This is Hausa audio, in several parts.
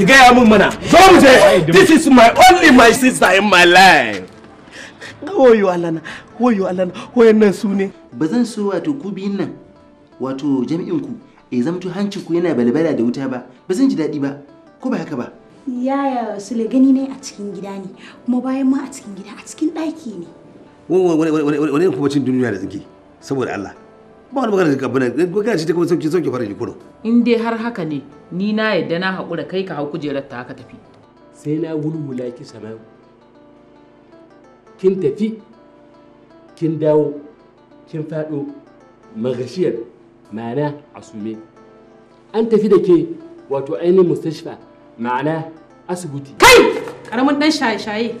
ki gaya min mana zo mu je this is my only my sister in my life wayo alana wayo alana wayannan su ne ba zan so wato ku biyun nan wato jami'in ku e zamto hancin ku yana balbala da wuta ba ba zan ji daɗi ba ko ba haka ba yaya sule gani ne a cikin gida ne kuma bayan ma a cikin gida a cikin ɗaki ne wani wani wani kuma duniya da tsinke saboda Allah ba wani magana da abin da magana ce kuma sauki sauki fara kurum in dai har haka ne ni na yadda na haƙura kai ka hau kujerar ta haka tafi sai na wulwula ki sama kin tafi kin dawo kin faɗo magashiyar ma'ana asume an tafi da ke wato ainihin mustashfa ma'ana asibiti kai karamin dan shaye-shaye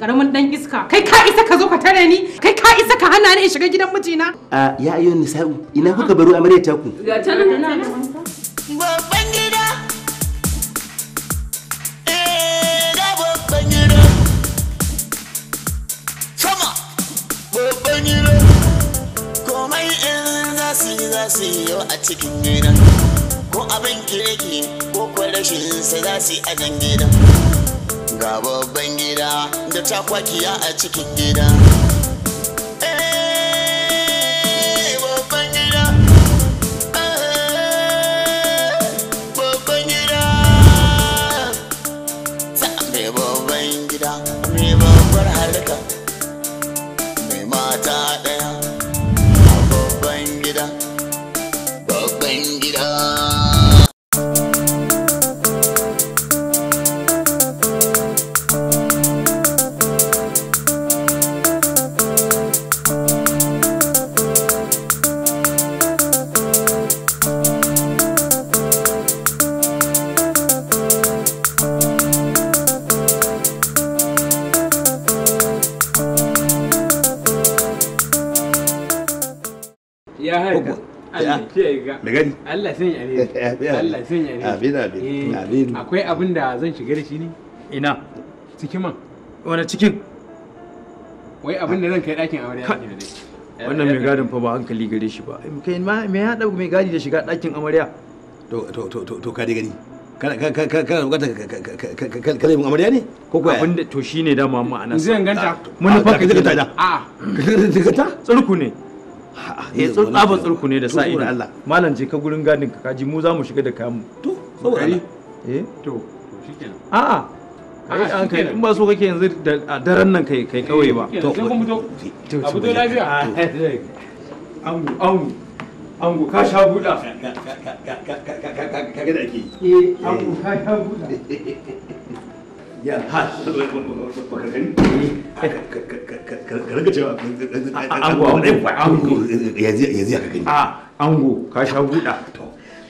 karamin dan iska kai ka isa ka zo ka tare ni kai ka isa ka hana ni in shiga gidan mijina a ya ayo nisa'u ina kuka baro amarya ta ku ga ta nan babban gida eh da babban gida sama babban gida komai in za su yi za su yi yau a cikin gidan ko abin kirki ko kwalashin sai za su yi a gidan Rababban gida da takwakiya a cikin gida. ya haka gani Allah sun yi Allah sun yi abin abin eh, abin akwai abin da zan shiga da shi ne ina cikin man wani cikin wai abin da zan kai ɗakin amarya ya ne wannan mai gadin fa ba hankali gare shi ba kai ma me ya dauka mai gadi da shiga ɗakin amarya to to to to ka dai gani kana bukatar kare mun amarya ne ko kuwa abin da to shine dama ma'ana zan ganta mun ah, fa ah, ka ganta a ka ganta tsarku ne ya tsaba tsurku ne da sa ido malam je ka gurin gadin ka kaji mu za mu shiga da kamu to saboda eh to shikenan a'a kai an kai in ba so kake yanzu da daren nan kai kai kawai ba to to abu da lafiya angu angu angu ka sha buda ka ga da ke eh angu ka sha buda ya ha karka cewa ango a wadai kwa ango yanzu ya a ango ka sha buɗa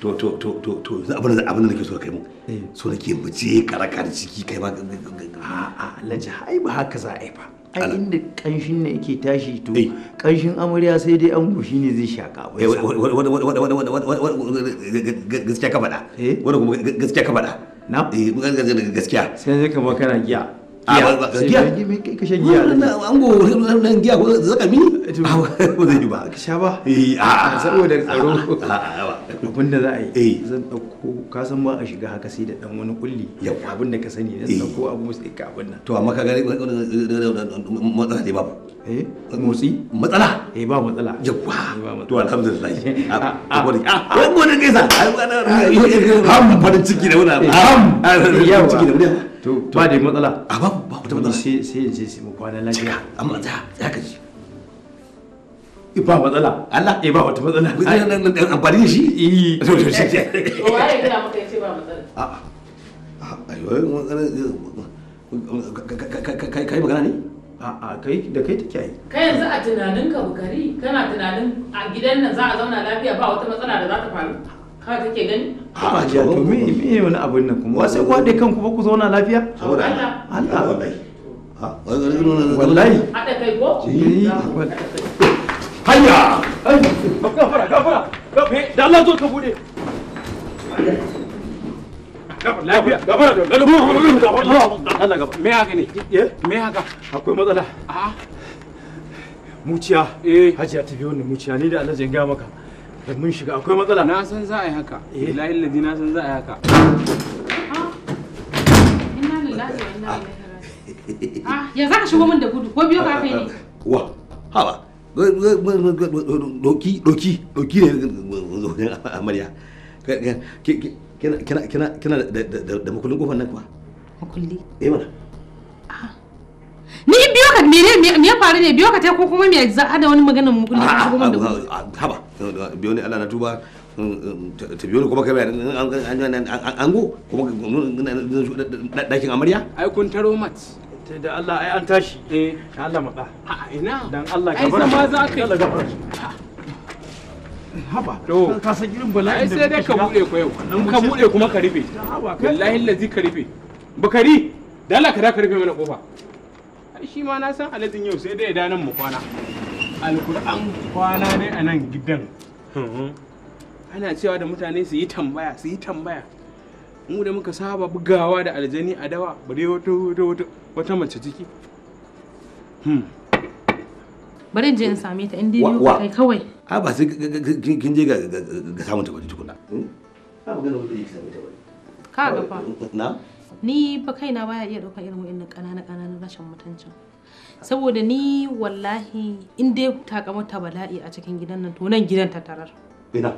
to to to to to abin da abin da nake so kai mu eh. so nake mu je karaka da ciki kai ba a laji ai ba haka za a yi ba ai inda kanshin ne yake tashi to kanshin eh. amarya sai dai ango shine zai shaka eh, gaskiya ka faɗa gaskiya ka faɗa na gaskiya sai zai kama kana giya a ba giya an go nan giya ko zakami ba zai yi ba ka sha ba saboda tsaro abin da za a yi zan dauko ka san ba a shiga haka sai da dan wani kulli abin da ka sani zan abu sai ka abin nan to amma ka ga matsala babu eh motsi matsala eh ba matsala yawa eh, to alhamdulillah ah, ah, ah, a a ham farin ciki da eh, ham farin ciki da to ba da matsala a ba ba sai sai mu kwana lafiya amma ta eh, ba matsala Allah ba wata matsala amfani shi eh to to shi ba matsala ayo kai magana ne a'a kai da kai take yi kai yanzu a tunanin ka bukari kana tunanin a gidan nan za a zauna lafiya ba wata matsala da za ta faru ka take gani a jiya to me me wani abin nan kuma sai ku kan kanku ba ku zauna lafiya saboda Allah Allah wallahi wallahi hada kai ko hayya ka gafara da Allah zo ka bude lafiya gaba da Allah gaba me haka ne me haka akwai matsala muciya eh hajiya ta biyo wannan muciya ni da Allah zai ga maka da mun shiga akwai matsala na san za a yi haka billahi ladi na san za a yi haka inna lillahi wa inna ilaihi raji'un ah ya zaka shigo min da gudu ko biyo ka kai ne wa hawa doki doki doki ne amarya kina kina kina kina da makullin kofar nan kuwa makulli eh mana ah. ni biyo ka mene me ya faru ne biyo ka ko kuma me za hada wani magana makulli ko kuma da ah, ah, haba biyo ne Allah na tuba mm, mm, ta biyo ne kuma kai an go kuma mm, dakin amarya ai kun taro mat da Allah ai an tashi eh Allah maka ina dan Allah ka bar ai za ka yi haba to ka san irin bala'in da sai dai ka bude ko yau in ka bude kuma ka rufe wallahi lazi ka rufe bakari da Allah ka da ka rufe mana kofa ai shi ma na san alazin yau sai dai ya danan mu kwana alkur'an kwana ne a nan gidan mhm. ana cewa da mutane su yi tambaya su yi tambaya mu da muka saba bugawa da aljani a dawa bare wata wata wata mace ciki hmm. bari in je in same ta in dai biyu kai kawai a ah, ba sai kin je ga samun ta bari tukuna hmm? a magana wanda yake same ta bari ka ga fa na ni fa kaina baya iya daukar irin wa'annan ƙanana ƙananan rashin mutuncin saboda ni wallahi in dai ta kamata bala'i a cikin gidan nan to nan gidan ta tarar ina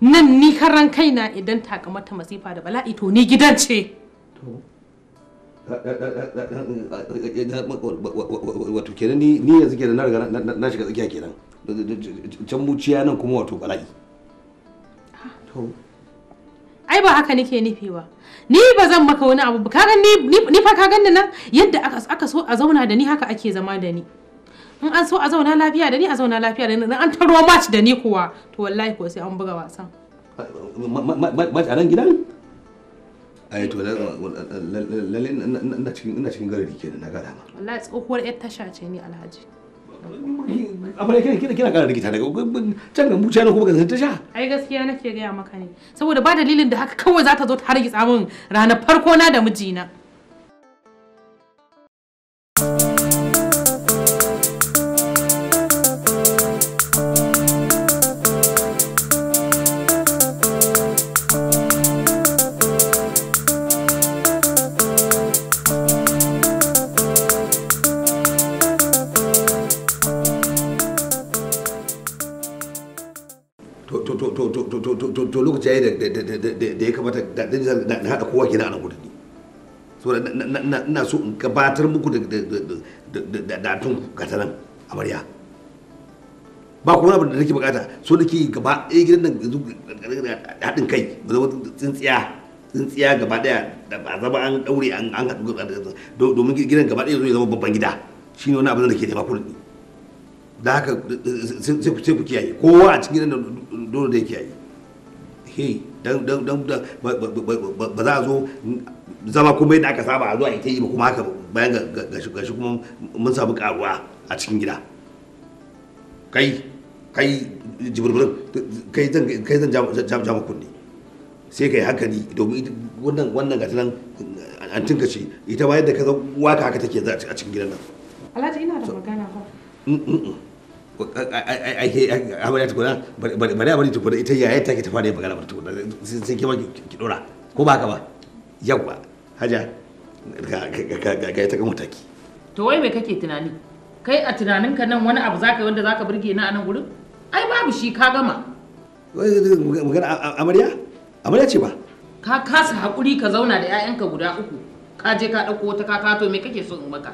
nan ni karan kaina idan ta kamata masifa da bala'i to ni gidan ce to wato kenan ni yanzu kenan na riga na shiga tsakiya kenan can muciya nan kuma wato bala'i ai ba haka nake nufi ba ni ba zan maka wani abu ka ni fa ka ganni nan yadda aka so a zauna da ni haka ake zama da ni in an so a zauna lafiya da ni a zauna lafiya da ni an taro match da ni kuwa to wallahi ko sai an buga wasan mace a nan gidan ai to lalle ina cikin ina cikin garari kenan na gada ma wallahi tsohuwar yar tasha ce ni alhaji abin kina kina kina kara rigita daga can ga muciya kuma ga tasha ai gaskiya nake gaya maka ne saboda ba dalilin da haka kawai zata zo ta hargitsa min ranar farko na da mijina na so in gabatar muku da datun gatanan amarya ba ku wani abu da nake bukata so nake gaba ɗaya gidan nan yanzu haɗin kai ba zama tsintsiya tsintsiya gaba daya da ba zama an ɗaure an haɗu domin gidan gaba daya zo ya zama babban gida shi ne wani abin da ke taimako da haka sai ku kiyaye kowa a cikin gidan nan dole da ya kiyaye he dan dan dan ba za a zo zama kuma yadda aka saba a zo a yi ba kuma haka bayan ga shi kuma mun samu karuwa a cikin gida kai kai jibirbirin kai zan kai zan jama kunne sai kai hankali domin wannan wannan gata nan an tinka ce ita ba yadda ka zan waka haka take a cikin gidan nan alhaji ina da magana ba amarya tukuna bari amarya tukuna ita yaya take ta fara yin magana bar tukuna sai ke ki dora ko ba haka ba yawwa haja ga ita kan mataki to wai me kake tunani kai a tunaninka nan wani abu zaka yi wanda zaka burge na a nan gurin ai babu shi ka gama magana amarya amarya ce ba ka kasa hakuri ka zauna da ƴaƴanka guda uku ka je ka ɗauko wata ka kato me kake so in maka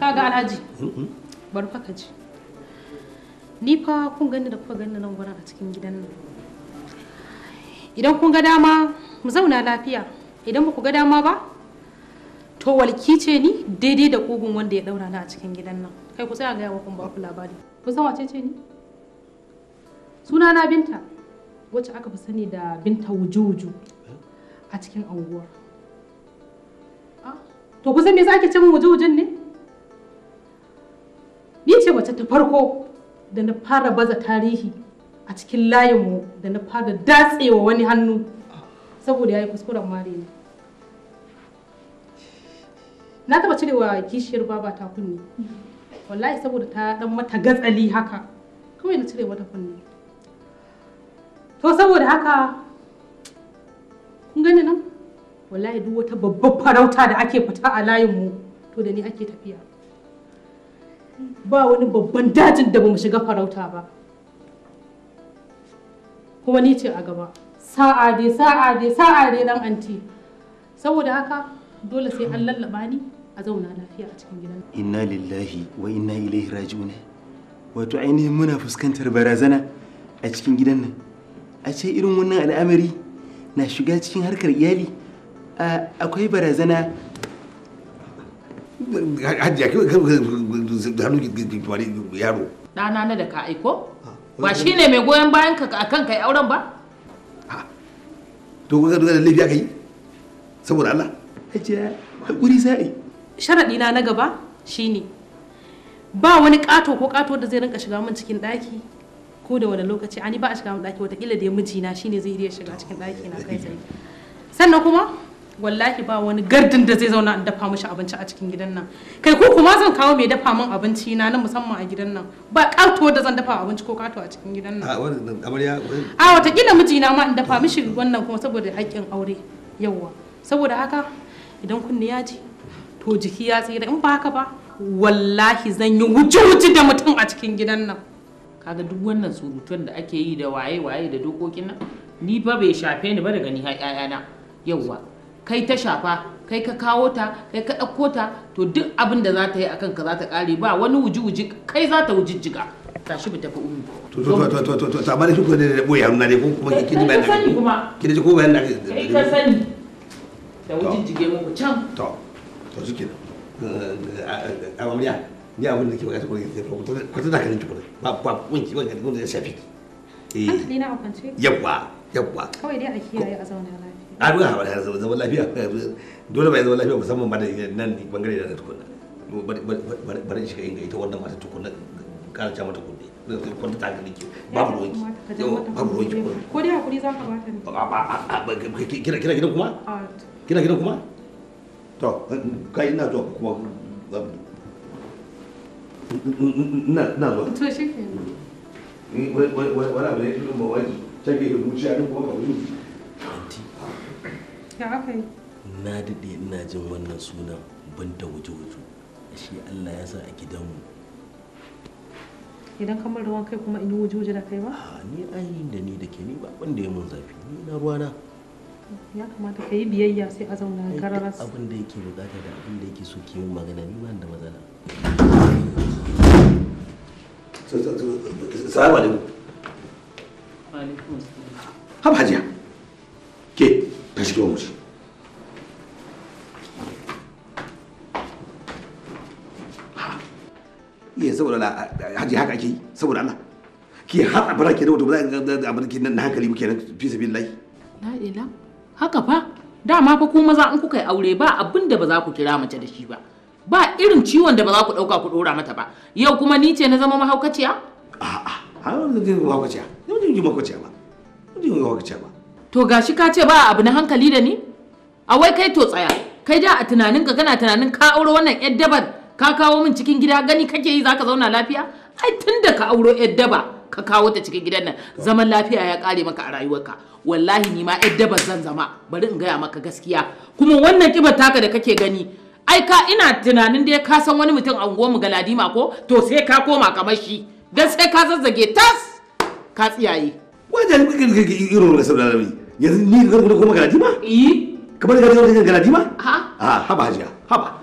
ka ga alhaji mm-hmm. bar fa ka ji ni fa kun gani da kuka gani nan gurin a cikin gidan nan idan kun ga dama mu zauna lafiya idan ba ku ga dama ba to walki ce ni daidai da kugun wanda ya daura na a cikin gidan nan kai ku tsaya gaya wa kun ba ku labari ku san wace ce ni suna na binta wacce aka fi sani da binta wuju a cikin anguwa ah, to ku san me yasa ake ce min wuju ne ni ce wacce ta farko da na fara baza tarihi a cikin layinmu da na fara datsewa wani hannu saboda ya yi kuskuren mare ne na taba cirewa kishiyar baba ta kunne wallahi saboda ta dan mata gatsali haka kawai na cire mata kunne to saboda haka kun gani nan wallahi duk wata babbar farauta da ake fita a layinmu to da ni ake tafiya ba wani babban dajin da ba mu shiga farauta ba kuma ni ce a gaba sa'a dai sa'a dai sa'a dai dan anti saboda haka dole sai an lallaba ni a zauna lafiya a cikin gidan inna lillahi wa inna ilaihi raji'un wato ainihin muna fuskantar barazana a cikin gidan nan a ce irin wannan al'amari na shiga cikin harkar iyali akwai barazana hajiya ki hannu yaro ɗana na da ka aiko ba shi ne mai goyon bayan ka a kan kai auren ba to kuka da laifi aka yi saboda Allah hajiya hakuri sai sharadi na na gaba shine ba wani kato ko kato da zai rinka shiga min cikin daki ko da wani lokaci ani ba a shiga min daki kila da ya na shine zai iya shiga cikin daki na kai tsaye sannan kuma wallahi ba wani gardin da zai zauna in dafa mishi abinci a cikin gidan nan kai ko kuma zan kawo mai dafa min abinci na na musamman a gidan nan ba kato da zan dafa abinci ko kato a cikin gidan nan a watakila mijina ma in dafa mishi wannan kuma saboda haƙƙin aure yawwa saboda haka idan kunne ya ji to jiki ya tsira in ba haka ba wallahi zan yi wuce-wuce da mutum a cikin gidan nan kaga duk wannan surutun da ake yi da waye-waye da dokokin nan ni ba bai shafe ni ba daga ni har 'ya'yana yawwa kai ta shafa kai ka kawo ta kai ka ɗauko ta to duk abin da za ta yi a kanka za ta ƙare ba wani wuji-wuji kai za ta wuji jiga wujijjiga tashi mu tafi umu. to to to to to to ta bari shi ne da boye haruna ne ko kuma kiji ji bayan da kiji kuma kin ji ko bayan da kin ka sani da wuji jige muku can to to suke a wariya ni abin da ke bukata ko ne ko ta da kanin tukuna ba ba kunci wanda da safi eh yabba yabba kawai dai a kiyaye a zauna a ruwa haɓar har zama lafiya dole bai zama lafiya musamman ba da nan bangare da tukuna bari shiga inga ita wannan mata tukuna karanta mata kuɗi kwanta ta gani ke babu ruwanki babu ruwanki ko dai hakuri za ka bata ne kira kira gidan kuma kira gidan kuma to kai ina zuwa kuma na na zuwa to shi ke wani abu ne ba wani can ke rubuci a duk kuma ka rubuci Na daɗe ina jin wannan sunan da wuce-wuce. Ashe Allah ya sa a gidanmu. Idan kamar ruwan kai kuma in yi wuce-wuce da kai ba? A ni ainihin da ni da ke ni ba da ya mun zafi. Ni na ruwa na. Ya kamata ka yi biyayya sai a zauna kararas. Abin da yake bukata da abin da yake so ke yin magana ni ba da matsala. Salamu alaikum. alaikum Haba hajiya. shiga waje iya saboda haji haka ake yi saboda Allah ki har abara ke da wato ba za ga abin ke na hankali muke nan fi sabi lahi la ila haka fa dama fa ko maza in kuka yi aure ba abin da ba za ku kira mace da shi ba ba irin ciwon da ba za ku dauka ku dora mata ba yau kuma ni ce na zama mahaukaciya a'a har da zai mahaukaciya ne mutum ji mahaukaciya ba mutum ji mahaukaciya ba to gashi ka ce ba abu na hankali da ni a wai kai to tsaya kai da a tunanin ka kana tunanin ka auro wannan yar dabar ka kawo min cikin gida gani kake yi zaka zauna lafiya ai tunda ka auro yar ka kawo ta cikin gidan nan zaman lafiya ya kare maka a rayuwarka wallahi ni ma yar dabar zan zama bari in gaya maka gaskiya kuma wannan kibar taka da kake gani ai ka ina tunanin dai ka san wani mutum a unguwar mu galadima ko to sai ka koma kamar shi dan sai ka zazzage tas ka tsiyaye wajen irin wani sauran rami yanzu ni garkuda kuma garaji eh. kamar garkuda kuma garaji ma? ha ah, ha ba hajiya ha